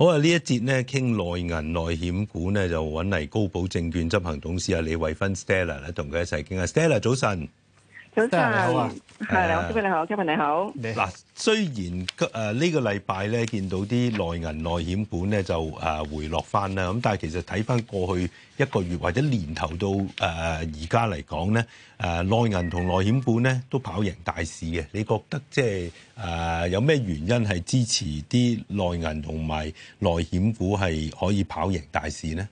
好喇，呢一節咧傾內銀內險股呢就搵嚟高寶證券執行董事啊李慧芬 Stella 咧，同佢一齊傾啊，Stella 早晨。早晨好啊，係，梁思敏，你好 Kevin 你好。嗱，雖然誒呢個禮拜咧見到啲內銀內險股咧就誒回落翻啦，咁但係其實睇翻過去一個月或者年頭到誒而家嚟講咧，誒內銀同內險股咧都跑贏大市嘅。你覺得即係誒有咩原因係支持啲內銀同埋內險股係可以跑贏大市咧？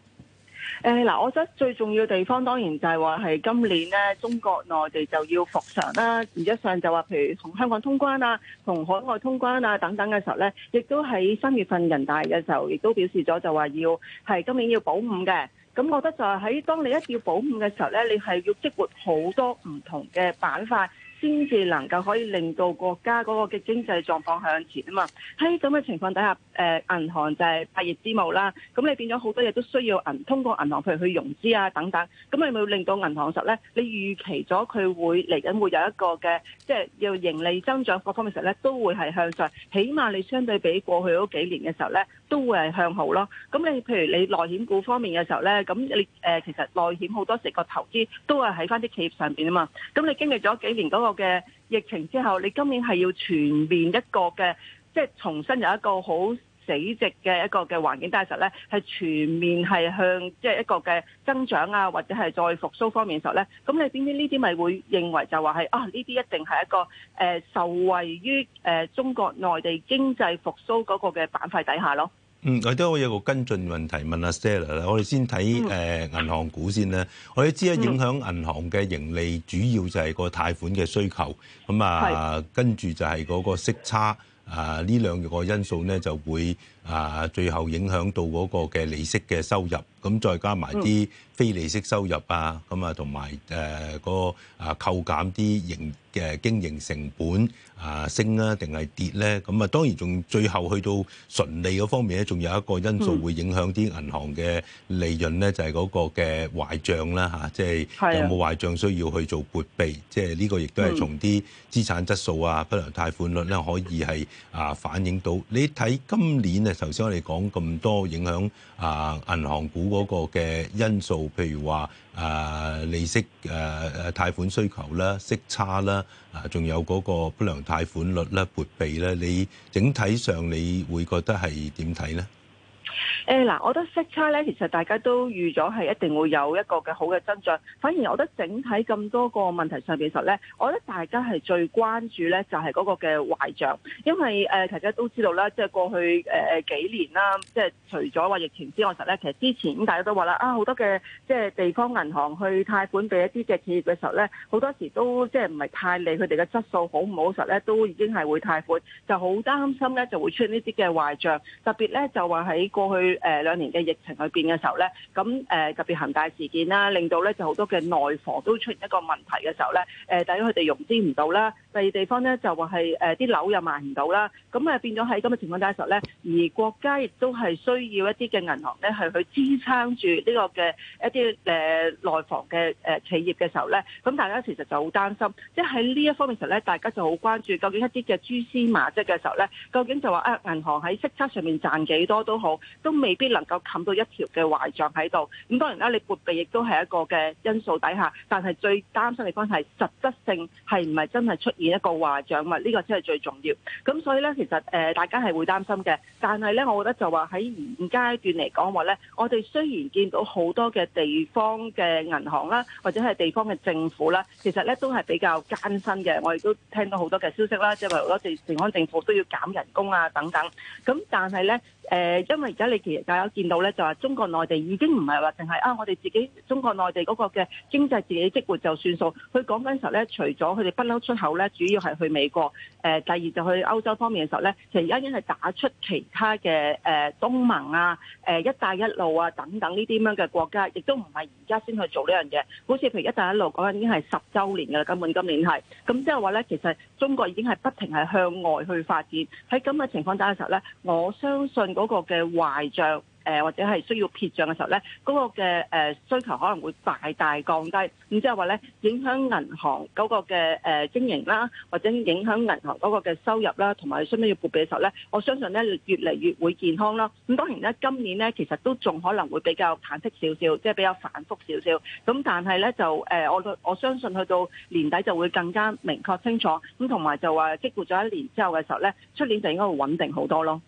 誒、嗯、嗱，我覺得最重要嘅地方當然就係話係今年咧，中國內地就要復常啦。而一上就話，譬如同香港通關啊，同海外通關啊等等嘅時候咧，亦都喺三月份人大嘅時候，亦都表示咗就話要係今年要保五嘅。咁我覺得就係喺當你一定要保五嘅時候咧，你係要激活好多唔同嘅板塊，先至能夠可以令到國家嗰個嘅經濟狀況向前啊嘛。喺咁嘅情況底下，誒，銀行就係百業之母啦，咁你變咗好多嘢都需要銀通過銀行，譬如去融資啊等等，咁你咪會令到銀行實咧？你預期咗佢會嚟緊會有一個嘅，即係要盈利增長各方面實咧，都會係向上，起碼你相對比過去嗰幾年嘅時候咧，都會係向好咯。咁你譬如你內險股方面嘅時候咧，咁你、呃、其實內險好多時個投資都係喺翻啲企業上面啊嘛。咁你經歷咗幾年嗰個嘅疫情之後，你今年係要全面一個嘅。即係重新有一個好死寂嘅一個嘅環境，但係實咧係全面係向即係一個嘅增長啊，或者係再復甦方面嘅時候咧，咁你點知呢啲咪會認為就話係啊？呢啲一定係一個誒受惠於誒中國內地經濟復甦嗰個嘅板塊底下咯。嗯，我都有一個跟進問題問阿 Stella，我哋先睇誒、嗯呃、銀行股先啦。我哋知啊，影響銀行嘅盈利主要就係個貸款嘅需求，咁啊，是跟住就係嗰個息差。啊，呢兩個因素咧就會。啊！最後影響到嗰個嘅利息嘅收入，咁再加埋啲非利息收入啊，咁啊同埋誒個啊扣減啲營嘅經營成本啊升啊定係跌咧？咁啊當然仲最後去到純利嗰方面咧，仲有一個因素會影響啲銀行嘅利潤咧，就係嗰個嘅壞賬啦吓，即係有冇壞賬需要去做撥備，即係呢個亦都係從啲資產質素啊不良貸款率咧可以係啊反映到。你睇今年啊～頭先我哋講咁多影響啊銀行股嗰個嘅因素，譬如話啊利息誒誒貸款需求啦、息差啦啊，仲有嗰個不良貸款率啦、撥備咧。你整體上你會覺得係點睇咧？誒、哎、嗱，我覺得息差咧，其實大家都預咗係一定會有一個嘅好嘅增長。反而我覺得整體咁多個問題上邊實咧，我覺得大家係最關注咧，就係嗰個嘅壞賬。因為誒，呃、其實大家都知道啦，即、就、係、是、過去誒誒、呃、幾年啦，即、就、係、是、除咗話疫情之外實咧，其實之前咁大家都話啦，啊好多嘅即係地方銀行去貸款俾一啲嘅企業嘅時候咧，好多時都即係唔係太理佢哋嘅質素好唔好實咧，都已經係會貸款，就好擔心咧就會出現呢啲嘅壞賬。特別咧就話喺過去。誒兩年嘅疫情去變嘅時候咧，咁誒特別恒大事件啦，令到咧就好多嘅內房都出現一個問題嘅時候咧，誒第一佢哋融資唔到啦，第二地方咧就話係誒啲樓又賣唔到啦，咁啊變咗喺咁嘅情況底下嘅時候咧，而國家亦都係需要一啲嘅銀行咧係去支撐住呢個嘅一啲誒內房嘅誒企業嘅時候咧，咁大家其實就好擔心，即係喺呢一方面時候咧，大家就好關注究竟一啲嘅蛛絲馬跡嘅時候咧，究竟就話啊銀行喺息差上面賺幾多都好，都未。未必能夠冚到一條嘅壞賬喺度，咁當然啦，你撥備亦都係一個嘅因素底下，但係最擔心嘅地方係實質性係唔係真係出現一個壞賬物？呢、呢個先係最重要。咁所以呢，其實誒、呃，大家係會擔心嘅。但係呢，我覺得就話喺現階段嚟講話呢，我哋雖然見到好多嘅地方嘅銀行啦，或者係地方嘅政府啦，其實呢都係比較艱辛嘅。我亦都聽到好多嘅消息啦，即係話好多地方政府都要減人工啊等等。咁但係呢。誒，因為而家你其實大家見到咧，就話中國內地已經唔係話淨係啊，我哋自己中國內地嗰個嘅經濟自己激活就算數。佢講緊時候咧，除咗佢哋不嬲出口咧，主要係去美國，誒，第二就去歐洲方面嘅時候咧，其實而家已經係打出其他嘅誒東盟啊、誒一帶一路啊等等呢啲咁樣嘅國家，亦都唔係而家先去做呢樣嘢。好似譬如一帶一路講緊已經係十週年㗎喇，根本今年係。咁即係話咧，其實中國已經係不停係向外去發展。喺咁嘅情況底下嘅時候咧，我相信。嗰、那個嘅壞賬誒、呃、或者係需要撇賬嘅時候咧，嗰、那個嘅誒、呃、需求可能會大大降低，咁即係話咧，影響銀行嗰個嘅誒、呃、經營啦，或者影響銀行嗰個嘅收入啦，同埋需唔需要撥比嘅時候咧，我相信咧越嚟越會健康啦。咁當然咧，今年咧其實都仲可能會比較忐忑少少，即、就、係、是、比較反覆少少。咁但係咧就誒，我、呃、我相信去到年底就會更加明確清楚。咁同埋就話積活咗一年之後嘅時候咧，出年就應該會穩定好多咯。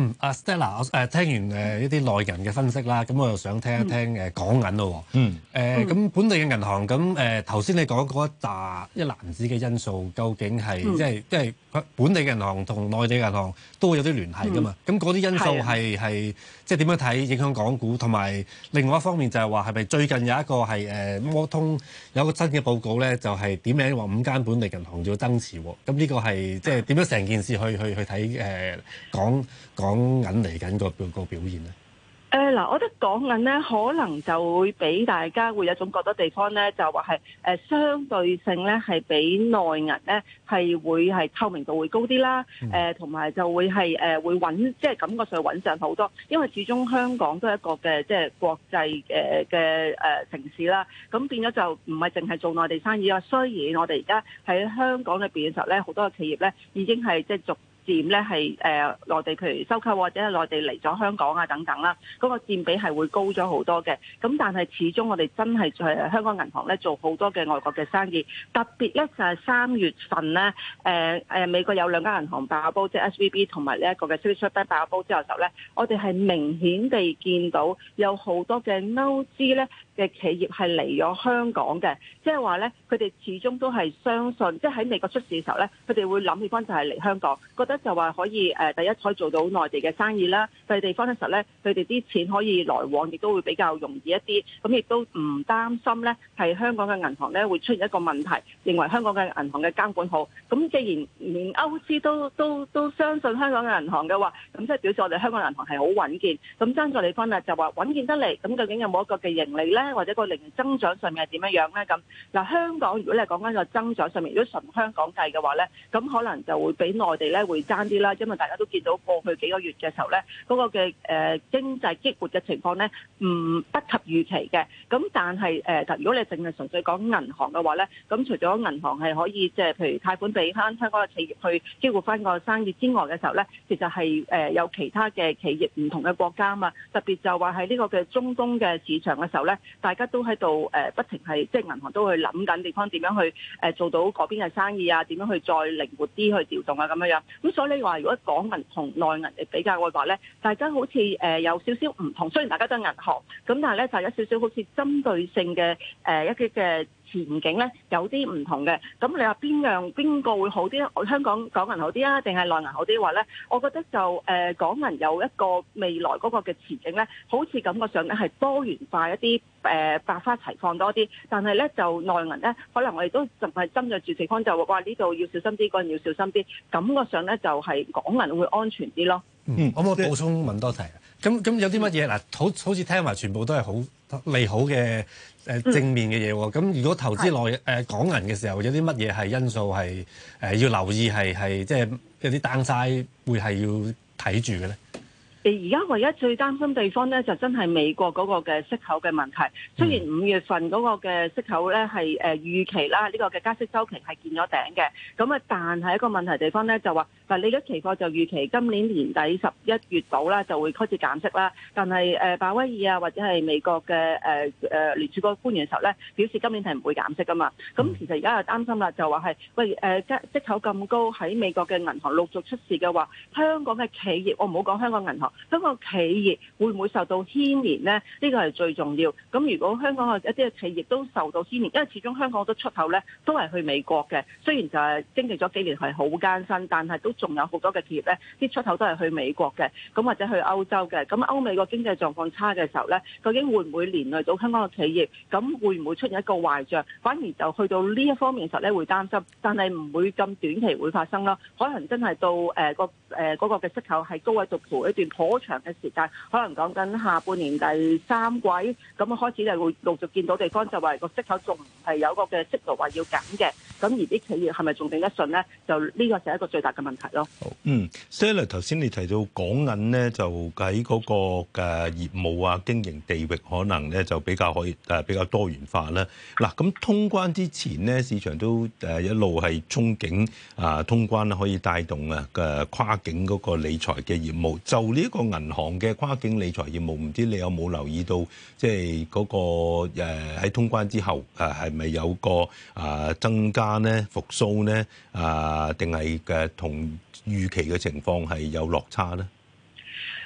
嗯，阿 Stella，我誒聽完誒一啲內人嘅分析啦，咁我又想聽一聽誒講緊咯。嗯，誒、呃，咁本地嘅銀行，咁誒頭先你講嗰一扎一籃子嘅因素，究竟係、嗯、即係即係。本地銀行同內地銀行都會有啲聯繫噶嘛，咁嗰啲因素係係即係點樣睇影響港股，同埋另外一方面就係話係咪最近有一個係誒摩通有個新嘅報告咧，就係點名話五間本地銀行要增持喎，咁呢個係即係點樣成件事去去去睇誒港港銀嚟緊個個表現咧？誒、呃、嗱，我覺得講緊咧，可能就會俾大家會有一種覺得地方咧，就話係誒相對性咧，係比內銀咧係會係透明度會高啲啦。誒同埋就會係誒會穩，即、呃、係感覺上穩陣好多。因為始終香港都係一個嘅即係國際嘅嘅誒城市啦。咁變咗就唔係淨係做內地生意啊。雖然我哋而家喺香港裏邊嘅時候咧，好多企業咧已經係即係逐佔咧係誒內地譬如收購或者係內地嚟咗香港啊等等啦，嗰個佔比係會高咗好多嘅。咁但係始終我哋真係誒香港銀行咧做好多嘅外國嘅生意，特別咧就係三月份咧誒誒美國有兩間銀行爆下煲，即係 S V B 同埋呢一個嘅 Signature Bank 爆下煲之後嘅時候咧，我哋係明顯地見到有好多嘅歐資咧。嘅企業係嚟咗香港嘅，即係話咧，佢哋始終都係相信，即係喺美國出事嘅時候咧，佢哋會諗起翻就係嚟香港，覺得就話可以誒第一可以做到內地嘅生意啦，第二地方嘅時候咧，佢哋啲錢可以來往，亦都會比較容易一啲，咁亦都唔擔心咧，係香港嘅銀行咧會出現一個問題，認為香港嘅銀行嘅監管好。咁既然連歐資都都都相信香港嘅銀行嘅話，咁即係表示我哋香港銀行係好穩健。咁爭在地方啊就話穩健得嚟，咁究竟有冇一個嘅盈利咧？或者個零增長上面係點樣樣咧？咁嗱，香港如果你講緊個增長上面，如果純香港計嘅話咧，咁可能就會比內地咧會爭啲啦，因為大家都見到過去幾個月嘅時候咧，嗰、那個嘅誒經濟激活嘅情況咧，唔不及預期嘅。咁但係誒，如果你淨係純粹講銀行嘅話咧，咁除咗銀行係可以即係譬如貸款俾翻香港嘅企業去激活翻個生意之外嘅時候咧，其實係誒有其他嘅企業唔同嘅國家啊嘛，特別就話喺呢個嘅中東嘅市場嘅時候咧。大家都喺度誒，不停係即係銀行都去諗緊地方點樣去誒做到嗰邊嘅生意啊？點樣去再靈活啲去調動啊？咁樣樣咁所以你話如果港銀同內銀比較嘅話咧，大家好似誒有少少唔同，雖然大家都係銀行，咁但係咧就有少少好似針對性嘅誒一啲嘅。前景咧有啲唔同嘅，咁你話邊樣邊個會好啲咧？我香港港銀好啲啊，定係內銀好啲話咧？我覺得就誒、呃、港銀有一個未來嗰個嘅前景咧，好似感覺上咧係多元化一啲誒、呃、百花齊放多啲，但係咧就內銀咧，可能我哋都唔係針對住地方，就話呢度要小心啲，嗰人要小心啲，感覺上咧就係港銀會安全啲咯。嗯，嗯，可唔可以補充問多題啊？咁咁有啲乜嘢嗱，好好似聽話全部都係好利好嘅、呃、正面嘅嘢喎。咁如果投資內誒、呃、港銀嘅時候，有啲乜嘢係因素係誒、呃、要留意係係即係有啲 downside 會係要睇住嘅咧？而家唯一最擔心地方咧，就真係美國嗰個嘅息口嘅問題。雖然五月份嗰個嘅息口咧係誒預期啦，呢個嘅加息週期係見咗頂嘅。咁啊，但係一個問題地方咧就話，嗱，你而家期貨就預期今年年底十一月度啦就會開始減息啦。但係誒鮑威爾啊，或者係美國嘅誒誒聯儲局官員嘅時候咧，表示今年係唔會減息噶嘛。咁其實而家又擔心啦，就話係喂，誒息息口咁高喺美國嘅銀行陸續出事嘅話，香港嘅企業，我唔好講香港銀行。香港企業會唔會受到牽連呢？呢個係最重要。咁如果香港嘅一啲企業都受到牽連，因為始終香港好多出口呢，都係去美國嘅，雖然就係經歷咗幾年係好艱辛，但係都仲有好多嘅企業呢，啲出口都係去美國嘅，咁或者去歐洲嘅。咁歐美個經濟狀況差嘅時候呢，究竟會唔會連累到香港嘅企業？咁會唔會出現一個壞象？反而就去到呢一方面時候呢，會擔心，但係唔會咁短期會發生囉，可能真係到誒個、呃誒嗰個嘅息口係高位續盤一段頗長嘅時間，可能講緊下半年第三季咁開始就會陸續見到地方就話個息口仲係有個嘅息率話要緊嘅，咁而啲企業係咪仲頂得順咧？就呢個就係一個最大嘅問題咯。好，嗯，Sarah 頭先你提到港銀咧就喺嗰個嘅業務啊經營地域可能咧就比較可以誒比較多元化啦。嗱，咁通關之前咧，市場都誒一路係憧憬啊通關咧可以帶動啊嘅跨境、那、嗰個理財嘅業務，就呢個銀行嘅跨境理財業務，唔知你有冇留意到，即係嗰個誒喺通關之後誒係咪有個啊增加咧、復蘇咧啊，定係誒同預期嘅情況係有落差咧？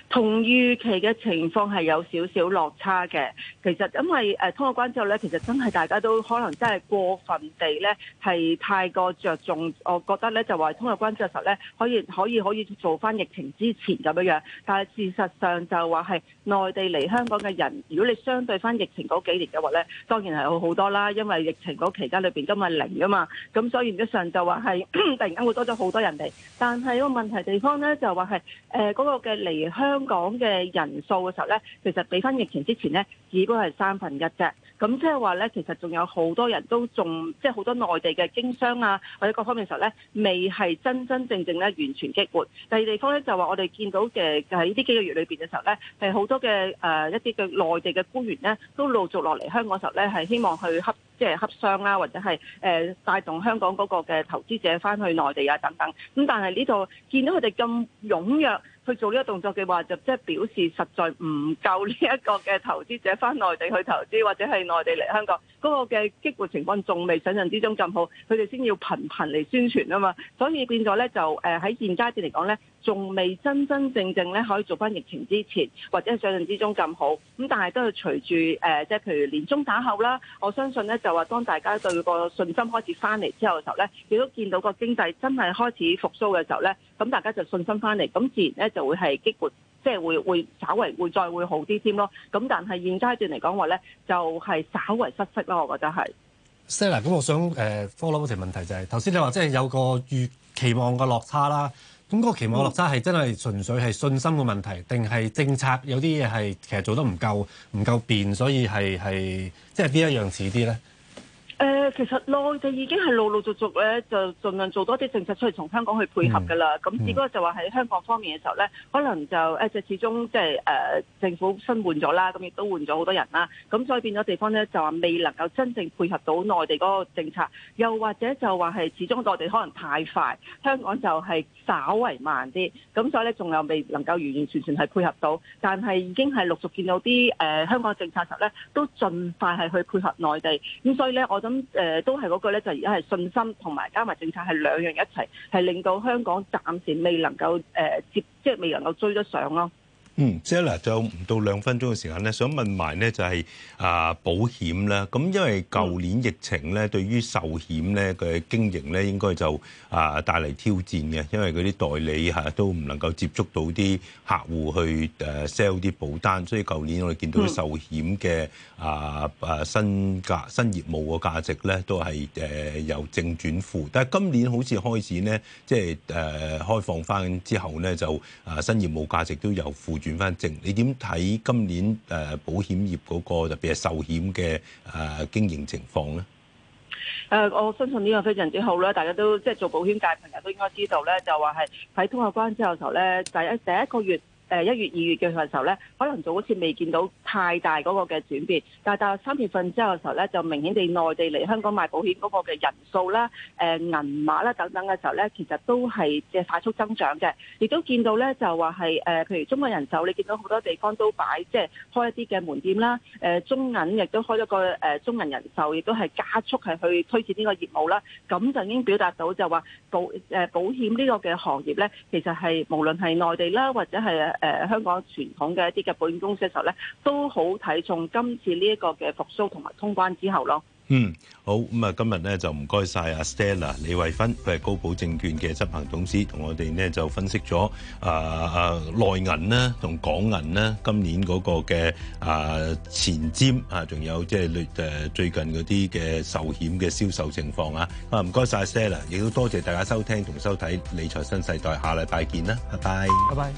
同預期嘅情況係有少少落差嘅。其實因為誒通過關之後咧，其實真係大家都可能真係過分地咧，係太過着重。我覺得咧就話通過關之後呢，咧可，可以可以可以做翻疫情之前咁樣。但係事實上就話係內地嚟香港嘅人，如果你相對翻疫情嗰幾年嘅話咧，當然係好好多啦。因為疫情嗰期間裏邊今日零啊嘛，咁所以原則上就話係突然間會多咗好多人嚟。但係個問題地方咧就話係誒嗰個嘅離香。香港嘅人數嘅時候咧，其實比翻疫情之前咧，只不過係三分一啫。咁即係話咧，其實仲有好多人都仲即係好多內地嘅經商啊，或者各方面嘅時候咧，未係真真正正咧完全激活。第二地方咧就話我哋見到嘅就喺呢啲幾個月裏邊嘅時候咧，係好多嘅誒、呃、一啲嘅內地嘅官員咧，都陸續落嚟香港嘅時候咧，係希望去洽即係洽商啊，或者係誒帶動香港嗰個嘅投資者翻去內地啊等等。咁但係呢度見到佢哋咁踴躍，去做呢個動作嘅話，就即係表示實在唔夠呢一個嘅投資者翻內地去投資，或者係內地嚟香港嗰個嘅激活情況仲未想像之中咁好，佢哋先要頻頻嚟宣傳啊嘛。所以變咗咧就喺現階段嚟講咧，仲未真真正正咧可以做翻疫情之前或者係想像之中咁好。咁但係都係隨住誒即係譬如年中打後啦，我相信咧就話當大家對個信心開始翻嚟之後嘅時候咧，亦都見到個經濟真係開始復甦嘅時候咧。咁大家就信心翻嚟，咁自然咧就會係激活，即係會會稍為會再會好啲添咯。咁但係現階段嚟講話咧，就係、是、稍為失色咯。我覺得係。Sara，咁我想誒 follow up 成問題就係頭先你話即係有個預期望嘅落差啦。咁個個期望落差係、那個、真係純粹係信心嘅問題，定係政策有啲嘢係其實做得唔夠唔夠變，所以係係即係邊一樣似啲咧？誒、呃，其實內地已經係陸陸續續咧，就盡量做多啲政策出嚟，從香港去配合㗎啦。咁、嗯嗯、只不過就話喺香港方面嘅時候咧，可能就誒，即係始終即、就、係、是呃、政府新換咗啦，咁亦都換咗好多人啦。咁所以變咗地方咧，就話未能夠真正配合到內地嗰個政策，又或者就話係始終內地可能太快，香港就係稍為慢啲。咁所以咧，仲有未能夠完完全全係配合到，但係已經係陸續見到啲誒、呃、香港嘅政策時候咧，都盡快係去配合內地。咁所以咧，我。咁誒、呃、都係嗰句咧，就而家係信心同埋加埋政策係兩樣一齊，係令到香港暫時未能夠誒、呃、接，即係未能夠追得上咯。嗯，即係嗱，仲有就唔到兩分鐘嘅時間咧，想問埋咧就係啊保險啦，咁因為舊年疫情咧，對於壽險咧嘅經營咧，應該就啊帶嚟挑戰嘅，因為嗰啲代理吓都唔能夠接觸到啲客戶去誒 sell 啲保單，所以舊年我哋見到啲壽險嘅啊啊新價新業務個價值咧都係誒由正轉負，但係今年好似開始咧，即係誒開放翻之後咧就啊新業務價值都有負，轉翻正，你點睇今年誒保險業嗰個特別係壽險嘅誒經營情況咧？誒、呃，我相信呢個非常之好啦，大家都即係、就是、做保險界朋友都應該知道咧，就話係喺通過關之後頭咧，第一第一個月。誒一月、二月嘅時候咧，可能就好似未見到太大嗰個嘅轉變，但係到三月份之後嘅時候咧，就明顯地內地嚟香港買保險嗰個嘅人數啦、誒銀碼啦等等嘅時候咧，其實都係即係快速增長嘅，亦都見到咧就話係誒，譬如中國人壽，你見到好多地方都擺即係開一啲嘅門店啦，誒中銀亦都開咗個誒中銀人壽，亦都係加速係去推薦呢個業務啦，咁就已經表達到就話保誒保險呢個嘅行業咧，其實係無論係內地啦或者係。誒、呃、香港傳統嘅一啲嘅保險公司嘅時候咧，都好睇重今次呢一個嘅復甦同埋通關之後咯。嗯，好咁啊，今日咧就唔該晒阿 Stella 李慧芬，佢係高寶證券嘅執行董事，同我哋咧就分析咗啊啊內銀啦、同港銀啦、今年嗰個嘅啊前瞻，啊，仲有即係誒最近嗰啲嘅壽險嘅銷售情況啊。啊唔該晒 Stella，亦都多謝大家收聽同收睇《理財新世代》，下禮拜見啦，拜拜，拜拜。